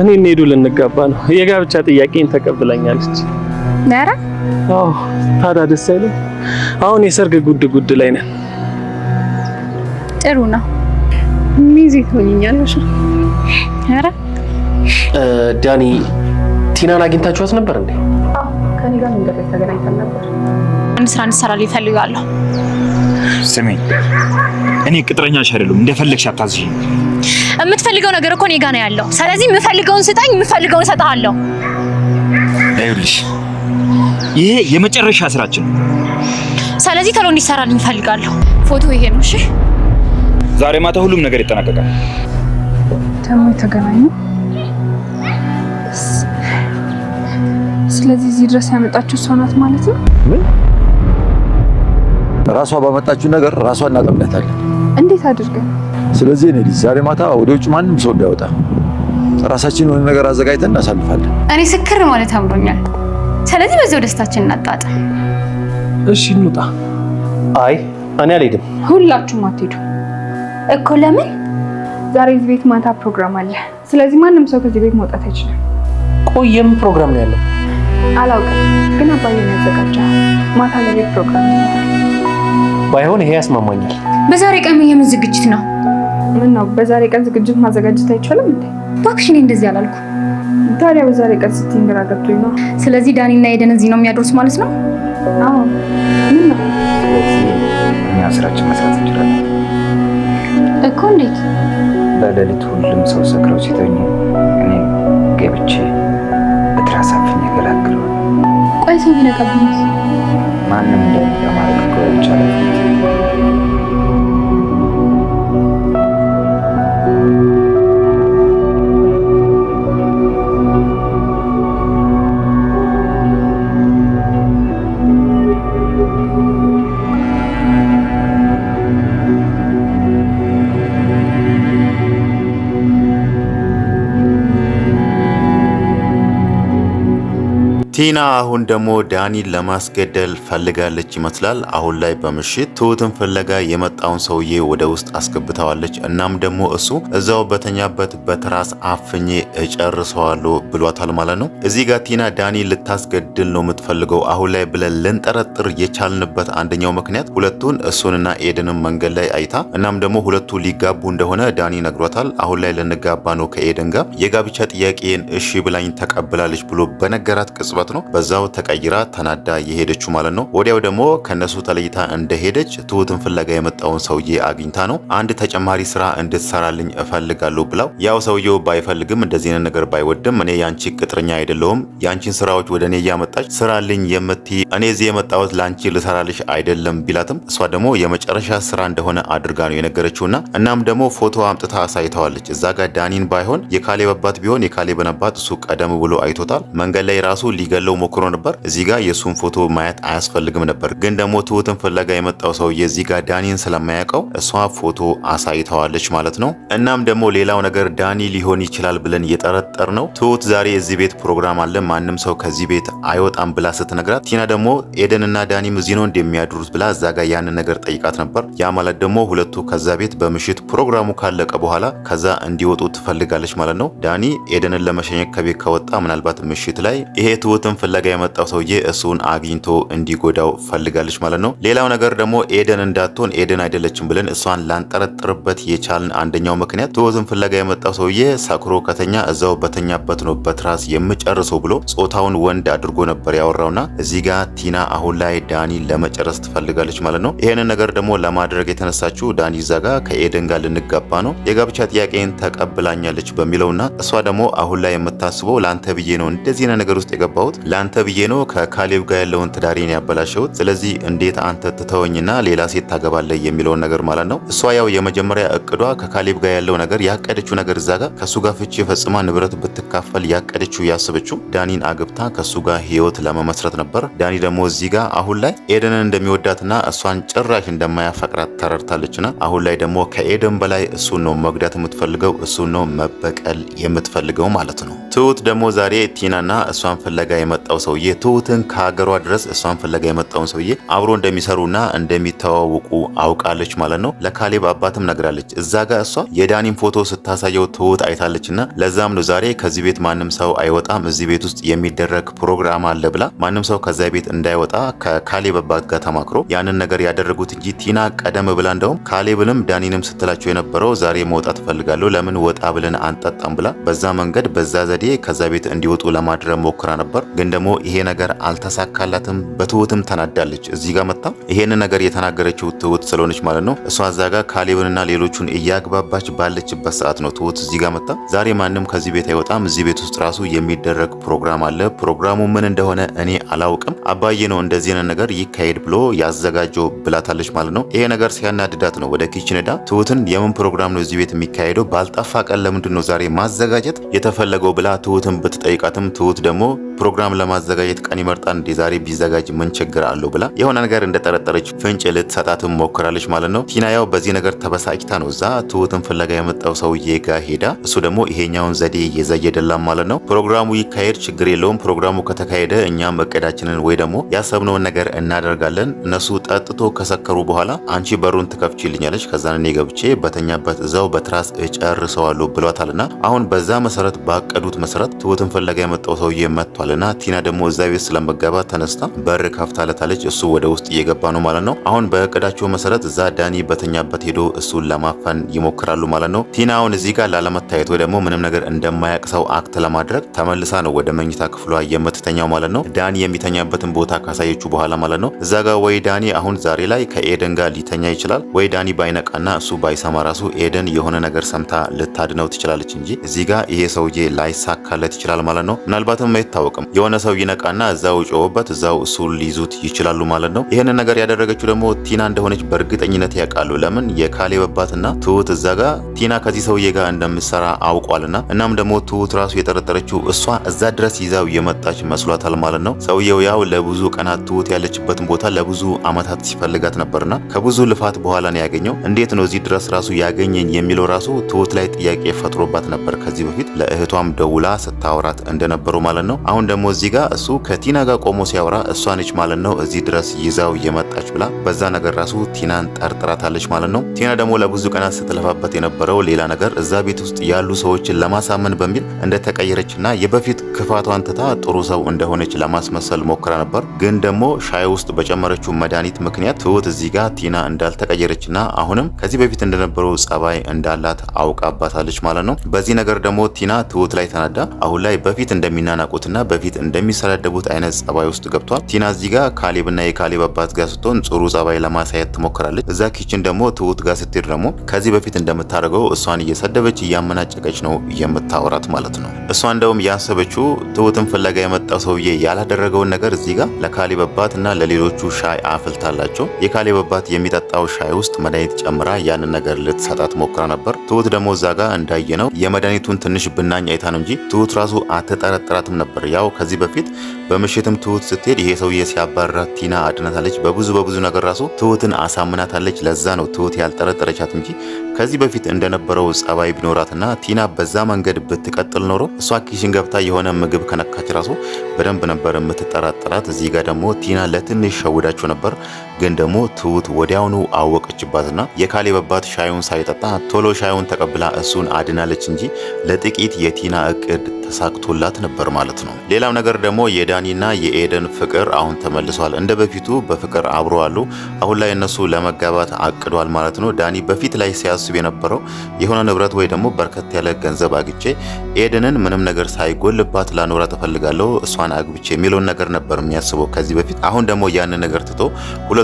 እኔ ሄዱ ልንጋባ ነው። የጋብቻ ጥያቄን ተቀብለኛለች። ኧረ አዎ፣ ታዲያ ደስ አይልም? አሁን የሰርግ ጉድ ጉድ ላይ ነን። ጥሩ ነው። ሚዜ ትሆኝኛለሽ? ኧረ ዳኒ፣ ቲናን አግኝታችኋት ነበር እንዴ? አዎ፣ ከኔ ጋር ነበር ላይ ተገናኝተን ነበር። አንድ ስራ እንሰራለን እፈልጋለሁ። ስሜ እኔ ቅጥረኛሽ አይደለሁም፣ እንደፈለግሽ አታዝዥኝ የምትፈልገው ነገር እኮ እኔ ጋ ነው ያለው። ስለዚህ የምፈልገውን ስጠኝ፣ የምፈልገውን እሰጥሃለሁ። ይኸውልሽ ይሄ የመጨረሻ ስራችን ነው። ስለዚህ ተሎ እንዲሰራል እፈልጋለሁ። ፎቶ ይሄ ነው። እሺ፣ ዛሬ ማታ ሁሉም ነገር ይጠናቀቃል። ደግሞ የተገናኙ ስለዚህ እዚህ ድረስ ያመጣችሁ ሰው ናት ማለት ነው። ራሷ ባመጣችሁ ነገር ራሷ እናጠምዳታለን። እንዴት አድርገን ስለዚህ እኔ ዛሬ ማታ ወደ ውጭ ማንም ሰው እንዳይወጣ ራሳችን የሆነ ነገር አዘጋጅተን እናሳልፋለን። እኔ ስክር ማለት አምሮኛል። ስለዚህ በዚያው ደስታችን እናጣጥም። እሺ እንውጣ። አይ እኔ አልሄድም። ሁላችሁም አትሄዱ እኮ። ለምን? ዛሬ እዚህ ቤት ማታ ፕሮግራም አለ። ስለዚህ ማንም ሰው ከዚህ ቤት መውጣት አይችልም። ቆየም ፕሮግራም ነው ያለው? አላውቅም፣ ግን አባዬ ነው ያዘጋጀው። ማታ ለቤት ፕሮግራም ባይሆን ይሄ ያስማማኛል። በዛሬ ቀን የምን ዝግጅት ነው? ምን ነው በዛሬ ቀን ዝግጅት ማዘጋጀት አይቻልም እንዴ? እባክሽ እኔ እንደዚህ አላልኩ። ታዲያ በዛሬ ቀን ስትይኝ ግራ ገብቶኝ ነው። ስለዚህ ዳኒና ኤደን እዚህ ነው የሚያድሩት ማለት ነው? አዎ። ምን ነው እኛ ስራችን መስራት እንችላለን እኮ። እንዴት? በሌሊት ሁሉም ሰው ሰክረው ሲተኙ እኔ ገብቼ በትራስ አፍኜ ገላግለው። ቆይ ሰው ቢነቀብኝ ማንም እንደሚለማድረግ ይቻላል። ቲና አሁን ደግሞ ዳኒን ለማስገደል ፈልጋለች ይመስላል። አሁን ላይ በምሽት ትሁትን ፍለጋ የመጡ የመጣውን ሰውዬ ወደ ውስጥ አስገብተዋለች። እናም ደግሞ እሱ እዛው በተኛበት በትራስ አፍኜ እጨርሰዋለሁ ብሏታል ማለት ነው። እዚህ ጋር ቲና ዳኒ ልታስገድል ነው የምትፈልገው አሁን ላይ ብለን ልንጠረጥር የቻልንበት አንደኛው ምክንያት ሁለቱን እሱንና ኤደንን መንገድ ላይ አይታ እናም ደግሞ ሁለቱ ሊጋቡ እንደሆነ ዳኒ ነግሯታል። አሁን ላይ ልንጋባ ነው ከኤደን ጋር የጋብቻ ጥያቄን እሺ ብላኝ ተቀብላለች ብሎ በነገራት ቅጽበት ነው በዛው ተቀይራ ተናዳ የሄደችው ማለት ነው። ወዲያው ደግሞ ከነሱ ተለይታ እንደሄደች ትሁትን ፍለጋ የመጣው ያኛውን ሰውዬ አግኝታ ነው አንድ ተጨማሪ ስራ እንድትሰራልኝ እፈልጋለሁ ብላው፣ ያው ሰውየው ባይፈልግም እንደዚህ አይነት ነገር ባይወድም እኔ ያንቺ ቅጥረኛ አይደለሁም፣ ያንቺን ስራዎች ወደ እኔ እያመጣች ስራልኝ የምትይ እኔ እዚህ የመጣሁት ለአንቺ ልሰራልሽ አይደለም ቢላትም እሷ ደግሞ የመጨረሻ ስራ እንደሆነ አድርጋ ነው የነገረችውና እናም ደግሞ ፎቶ አምጥታ አሳይተዋለች። እዛ ጋር ዳኒን ባይሆን የካሌብ አባት ቢሆን የካሌብን አባት እሱ ቀደም ብሎ አይቶታል። መንገድ ላይ ራሱ ሊገለው ሞክሮ ነበር። እዚህ ጋር የእሱን ፎቶ ማየት አያስፈልግም ነበር፣ ግን ደግሞ ትሁትን ፍለጋ የመጣው ሰውዬ እዚህ ጋር ዳኒን ስለ ስለማያውቀው እሷ ፎቶ አሳይተዋለች ማለት ነው። እናም ደግሞ ሌላው ነገር ዳኒ ሊሆን ይችላል ብለን እየጠረጠር ነው። ትሁት ዛሬ እዚህ ቤት ፕሮግራም አለ፣ ማንም ሰው ከዚህ ቤት አይወጣም ብላ ስትነግራት፣ ቲና ደግሞ ኤደን እና ዳኒም እዚህ ነው እንደሚያድሩት ብላ እዛ ጋር ያንን ነገር ጠይቃት ነበር። ያ ማለት ደግሞ ሁለቱ ከዛ ቤት በምሽት ፕሮግራሙ ካለቀ በኋላ ከዛ እንዲወጡ ትፈልጋለች ማለት ነው። ዳኒ ኤደንን ለመሸኘት ከቤት ከወጣ ምናልባት ምሽት ላይ ይሄ ትሁትን ፍለጋ የመጣው ሰውዬ እሱን አግኝቶ እንዲጎዳው ፈልጋለች ማለት ነው። ሌላው ነገር ደግሞ ኤደን እንዳትሆን ኤደን አይደለችም ብለን እሷን ላንጠረጥርበት የቻልን አንደኛው ምክንያት ትወዝን ፍለጋ የመጣው ሰውዬ ሰክሮ ከተኛ እዛው በተኛበት ነው በትራስ የምጨርሰው ብሎ ጾታውን ወንድ አድርጎ ነበር ያወራውና እዚህ ጋር ቲና አሁን ላይ ዳኒ ለመጨረስ ትፈልጋለች ማለት ነው። ይሄንን ነገር ደግሞ ለማድረግ የተነሳችው ዳኒ እዛ ጋ ከኤደን ጋር ልንጋባ ነው የጋብቻ ጥያቄን ተቀብላኛለች በሚለውና እሷ ደግሞ አሁን ላይ የምታስበው ለአንተ ብዬ ነው እንደዚህ ነገር ውስጥ የገባሁት ለአንተ ብዬ ነው ከካሌብ ጋር ያለውን ትዳሬን ያበላሸሁት። ስለዚህ እንዴት አንተ ትተወኝና ሌላ ሴት ታገባለህ? የሚለውን ነገር ማለት ነው። እሷ ያው የመጀመሪያ እቅዷ ከካሌብ ጋር ያለው ነገር ያቀደችው ነገር እዛ ጋር ከሱ ጋር ፍቺ የፈጽማ ንብረት ብትካፈል ያቀደችው ያስበችው ዳኒን አግብታ ከሱ ጋር ህይወት ለመመስረት ነበር። ዳኒ ደግሞ እዚህ ጋር አሁን ላይ ኤደንን እንደሚወዳትና እሷን ጭራሽ እንደማያፈቅራት ተረድታለችና አሁን ላይ ደግሞ ከኤደን በላይ እሱን ነው መጉዳት የምትፈልገው፣ እሱን ነው መበቀል የምትፈልገው ማለት ነው። ትሁት ደግሞ ዛሬ ቲናና እሷን ፍለጋ የመጣው ሰውዬ ትሁትን ከሀገሯ ድረስ እሷን ፍለጋ የመጣውን ሰውዬ አብሮ እንደሚሰሩና እንደሚተዋወቁ አውቃ ታውቃለች ማለት ነው። ለካሌብ አባትም ነግራለች። እዛ ጋር እሷ የዳኒም ፎቶ ስታሳየው ትሁት አይታለች እና ለዛም ነው ዛሬ ከዚህ ቤት ማንም ሰው አይወጣም፣ እዚህ ቤት ውስጥ የሚደረግ ፕሮግራም አለ ብላ ማንም ሰው ከዚያ ቤት እንዳይወጣ ከካሌብ አባት ጋር ተማክሮ ያንን ነገር ያደረጉት እንጂ ቲና ቀደም ብላ እንደውም ካሌብንም ዳኒንም ስትላቸው የነበረው ዛሬ መውጣት እፈልጋለሁ ለምን ወጣ ብለን አንጠጣም ብላ በዛ መንገድ በዛ ዘዴ ከዛ ቤት እንዲወጡ ለማድረግ ሞክራ ነበር። ግን ደግሞ ይሄ ነገር አልተሳካላትም። በትሁትም ተናዳለች። እዚህ ጋር መጣ ይሄን ነገር የተናገረችው ትሁት ስለሆነች ትሆናለች ማለት ነው። እሷ እዛ ጋር ካሌብንና ሌሎቹን እያግባባች ባለችበት ሰዓት ነው ትሁት እዚህ ጋር መጣ። ዛሬ ማንም ከዚህ ቤት አይወጣም። እዚህ ቤት ውስጥ ራሱ የሚደረግ ፕሮግራም አለ። ፕሮግራሙ ምን እንደሆነ እኔ አላውቅም። አባዬ ነው እንደዚህ ነገር ይካሄድ ብሎ ያዘጋጀው ብላታለች ማለት ነው። ይሄ ነገር ሲያናድዳት ነው ወደ ኪችን ሄዳ ትሁትን የምን ፕሮግራም ነው እዚህ ቤት የሚካሄደው ባልጠፋ ቀን ለምንድን ነው ዛሬ ማዘጋጀት የተፈለገው ብላ ትሁትን ብትጠይቃትም ትሁት ደግሞ ፕሮግራም ለማዘጋጀት ቀን ይመርጣል እንዴ ዛሬ ቢዘጋጅ ምን ችግር አለው ብላ የሆነ ነገር እንደጠረጠረች ፍንጭ ልትሰጣትም ሞክራለች ትችላለች ማለት ነው። ቲና ያው በዚህ ነገር ተበሳጭታ ነው እዛ ትሁትን ፍለጋ የመጣው ሰውዬ ጋ ሄዳ፣ እሱ ደግሞ ይሄኛውን ዘዴ እየዘየደላም ማለት ነው። ፕሮግራሙ ይካሄድ ችግር የለውም ፕሮግራሙ ከተካሄደ እኛም እቅዳችንን ወይ ደግሞ ያሰብነውን ነገር እናደርጋለን። እነሱ ጠጥቶ ከሰከሩ በኋላ አንቺ በሩን ትከፍችልኛለች፣ ከዛን እኔ ገብቼ በተኛበት እዛው በትራስ እጨርሰዋለሁ ብሏታልና አሁን በዛ መሰረት ባቀዱት መሰረት ትሁትን ፍለጋ የመጣው ሰውዬ መጥቷልና ቲና ደግሞ እዛ ቤት ስለመገባት ተነስታ በር ከፍታለታለች። እሱ ወደ ውስጥ እየገባ ነው ማለት ነው። አሁን በእቅዳቸው መሰረት ከዛ ዳኒ በተኛበት ሄዶ እሱን ለማፈን ይሞክራሉ ማለት ነው። ቲና አሁን እዚህ ጋር ላለመታየት ወይ ደግሞ ምንም ነገር እንደማያቅ ሰው አክት ለማድረግ ተመልሳ ነው ወደ መኝታ ክፍሏ የምትተኛው ማለት ነው። ዳኒ የሚተኛበትን ቦታ ካሳየችው በኋላ ማለት ነው። እዛ ጋር ወይ ዳኒ አሁን ዛሬ ላይ ከኤደን ጋር ሊተኛ ይችላል ወይ ዳኒ ባይነቃና እሱ ባይሰማ ራሱ ኤደን የሆነ ነገር ሰምታ ልታድነው ትችላለች እንጂ እዚህ ጋር ይሄ ሰውዬ ላይሳካለት ይችላል ማለት ነው። ምናልባትም አይታወቅም የሆነ ሰው ይነቃና እዛው ጮበት እዛው እሱ ሊይዙት ይችላሉ ማለት ነው። ይህንን ነገር ያደረገችው ደግሞ ቲና እንደሆነች በእርግጠ በእርግጠኝነት ያውቃሉ። ለምን የካሌብ አባትና ትሁት እዛ ጋር ቲና ከዚህ ሰውዬ ጋር እንደምትሰራ አውቋልና እናም ደግሞ ትሁት ራሱ የጠረጠረችው እሷ እዛ ድረስ ይዛው የመጣች መስሏታል ማለት ነው። ሰውየው ያው ለብዙ ቀናት ትሁት ያለችበትን ቦታ ለብዙ አመታት ሲፈልጋት ነበርና ከብዙ ልፋት በኋላ ነው ያገኘው። እንዴት ነው እዚህ ድረስ ራሱ ያገኘኝ የሚለው ራሱ ትሁት ላይ ጥያቄ ፈጥሮባት ነበር። ከዚህ በፊት ለእህቷም ደውላ ስታወራት እንደነበረው ማለት ነው። አሁን ደግሞ እዚህ ጋር እሱ ከቲና ጋር ቆሞ ሲያወራ እሷ ነች ማለት ነው እዚህ ድረስ ይዛው የመጣች ብላ በዛ ነገር ራሱ ቲናን ጠርጥራታለች ማለት ነው። ቲና ደግሞ ለብዙ ቀናት ስትለፋበት የነበረ የነበረው ሌላ ነገር እዛ ቤት ውስጥ ያሉ ሰዎችን ለማሳመን በሚል እንደተቀየረችና የበፊት ክፋቷን ትታ ጥሩ ሰው እንደሆነች ለማስመሰል ሞክራ ነበር። ግን ደግሞ ሻይ ውስጥ በጨመረችው መድኃኒት ምክንያት ትሁት እዚህ ጋር ቲና እንዳልተቀየረችና አሁንም ከዚህ በፊት እንደነበረው ጸባይ እንዳላት አውቃባታለች ማለት ነው። በዚህ ነገር ደግሞ ቲና ትሁት ላይ ተናዳ አሁን ላይ በፊት እንደሚናናቁትና በፊት እንደሚሰዳደቡት አይነት ጸባይ ውስጥ ገብቷል። ቲና እዚህ ጋር ካሌብና የካሌብ አባት ጋር ስትሆን ጥሩ ጸባይ ለማሳየት ትሞክራለች። እዛ ኪችን ደግሞ ትሁት ጋር ስትሄድ ደግሞ ከዚህ በፊት እንደምታደርገው አድርገው እሷን እየሰደበች እያመናጨቀች ነው የምታወራት ማለት ነው። እሷ እንደውም ያሰበችው ትሁትን ፍለጋ የመጣው ሰውዬ ያላደረገውን ነገር እዚህ ጋር ለካሌብ አባት እና ለሌሎቹ ሻይ አፍልታላቸው የካሌብ አባት የሚጠጣው ሻይ ውስጥ መድኃኒት ጨምራ ያንን ነገር ልትሰጣት ሞክራ ነበር። ትሁት ደግሞ እዛ ጋር እንዳየ ነው የመድኃኒቱን ትንሽ ብናኝ አይታ ነው እንጂ ትሁት ራሱ አትጠረጥራትም ነበር። ያው ከዚህ በፊት በምሽትም ትሁት ስትሄድ ይሄ ሰውዬ ሲያባራ ቲና አድናታለች። በብዙ በብዙ ነገር ራሱ ትሁትን አሳምናታለች። ለዛ ነው ትሁት ያልጠረጠረቻት እንጂ ከዚህ በፊት እንደነበረው ጸባይ ቢኖራትና ቲና በዛ መንገድ ብትቀጥል ኖሮ እሷ ኪሽን ገብታ የሆነ ምግብ ከነካች ራሱ በደንብ ነበር የምትጠራጠራት። እዚህ ጋር ደግሞ ቲና ለትንሽ ሸውዳችሁ ነበር። ግን ደግሞ ትሁት ወዲያውኑ አወቀችባትና የካሌብ አባት ሻዩን ሳይጠጣ ቶሎ ሻዩን ተቀብላ እሱን አድናለች እንጂ ለጥቂት የቲና እቅድ ተሳክቶላት ነበር ማለት ነው። ሌላው ነገር ደግሞ የዳኒና የኤደን ፍቅር አሁን ተመልሷል። እንደ በፊቱ በፍቅር አብሮ አሉ። አሁን ላይ እነሱ ለመጋባት አቅዷል ማለት ነው። ዳኒ በፊት ላይ ሲያስብ የነበረው የሆነ ንብረት ወይ ደግሞ በርከት ያለ ገንዘብ አግቼ ኤደንን ምንም ነገር ሳይጎልባት ላኖራ ተፈልጋለሁ እሷን አግብቼ የሚለውን ነገር ነበር የሚያስበው ከዚህ በፊት። አሁን ደግሞ ያንን ነገር ትቶ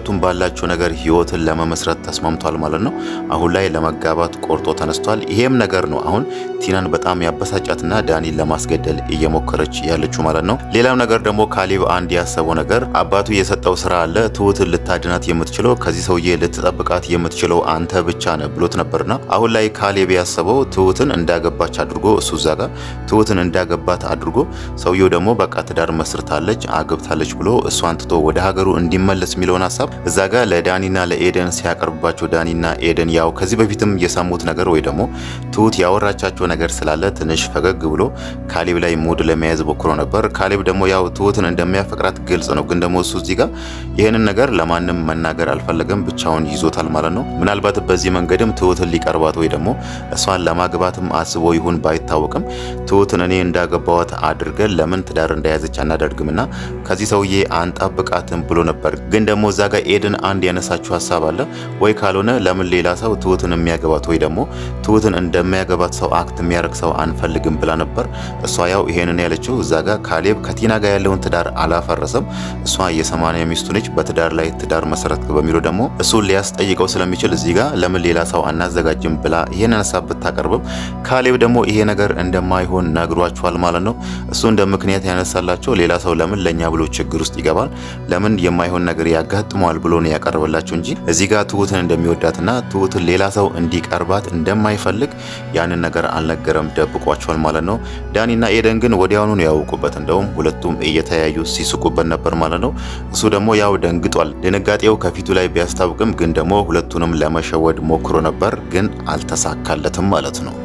ሁለቱም ባላቸው ነገር ህይወትን ለመመስረት ተስማምቷል ማለት ነው። አሁን ላይ ለመጋባት ቆርጦ ተነስቷል። ይሄም ነገር ነው አሁን ቲናን በጣም ያበሳጫትና ዳኒን ለማስገደል እየሞከረች ያለችው ማለት ነው። ሌላው ነገር ደግሞ ካሌብ አንድ ያሰበው ነገር አባቱ የሰጠው ስራ አለ። ትሁትን ልታድናት የምትችለው ከዚህ ሰውዬ ልትጠብቃት የምትችለው አንተ ብቻ ነህ ብሎት ነበርና አሁን ላይ ካሌብ ያሰበው ትሁትን እንዳገባች አድርጎ እሱ እዛ ትውትን ትሁትን እንዳገባት አድርጎ ሰውየው ደግሞ በቃ ትዳር መስርታለች አግብታለች ብሎ እሷን ትቶ ወደ ሀገሩ እንዲመለስ የሚለውን ሀሳብ እዛ ጋ ለዳኒና ለኤደን ሲያቀርብባቸው ዳኒና ኤደን ያው ከዚህ በፊትም የሰሙት ነገር ወይ ደግሞ ትሁት ያወራቻቸው ነገር ስላለ ትንሽ ፈገግ ብሎ ካሌብ ላይ ሙድ ለመያዝ ሞክሮ ነበር። ካሌብ ደግሞ ያው ትሁትን እንደሚያፈቅራት ግልጽ ነው፣ ግን ደግሞ እሱ እዚህ ጋ ይህንን ነገር ለማንም መናገር አልፈለገም፣ ብቻውን ይዞታል ማለት ነው። ምናልባት በዚህ መንገድም ትሁትን ሊቀርባት ወይ ደግሞ እሷን ለማግባትም አስቦ ይሁን ባይታወቅም ትሁትን እኔ እንዳገባዋት አድርገን ለምን ትዳር እንደያዘች አናደርግምና ከዚህ ሰውዬ አንጠብቃትም ብሎ ነበር። ግን ደግሞ እዛ ኤድን አንድ ያነሳችሁ ሀሳብ አለ ወይ? ካልሆነ ለምን ሌላ ሰው ትሁትን የሚያገባት ወይ ደግሞ ትሁትን እንደሚያገባት ሰው አክት የሚያደርግ ሰው አንፈልግም ብላ ነበር። እሷ ያው ይሄንን ያለችው እዛ ጋር ካሌብ ከቲና ጋር ያለውን ትዳር አላፈረሰም። እሷ የሰማንያ ሚስቱ ነች። በትዳር ላይ ትዳር መሰረት በሚለው ደግሞ እሱን ሊያስጠይቀው ስለሚችል እዚህ ጋር ለምን ሌላ ሰው አናዘጋጅም ብላ ይሄን ሀሳብ ብታቀርብም ካሌብ ደግሞ ይሄ ነገር እንደማይሆን ነግሯችኋል ማለት ነው። እሱ እንደ ምክንያት ያነሳላቸው ሌላ ሰው ለምን ለእኛ ብሎ ችግር ውስጥ ይገባል? ለምን የማይሆን ነገር ያጋጥመዋል ይጠቅመዋል ብሎ ነው ያቀርበላቸው እንጂ እዚህ ጋር ትሁትን እንደሚወዳትና ትሁትን ሌላ ሰው እንዲቀርባት እንደማይፈልግ ያንን ነገር አልነገረም፣ ደብቋቸዋል ማለት ነው። ዳኒና ኤደን ግን ወዲያውኑ ነው ያውቁበት። እንደውም ሁለቱም እየተያዩ ሲስቁበት ነበር ማለት ነው። እሱ ደግሞ ያው ደንግጧል። ድንጋጤው ከፊቱ ላይ ቢያስታውቅም ግን ደግሞ ሁለቱንም ለመሸወድ ሞክሮ ነበር፣ ግን አልተሳካለትም ማለት ነው።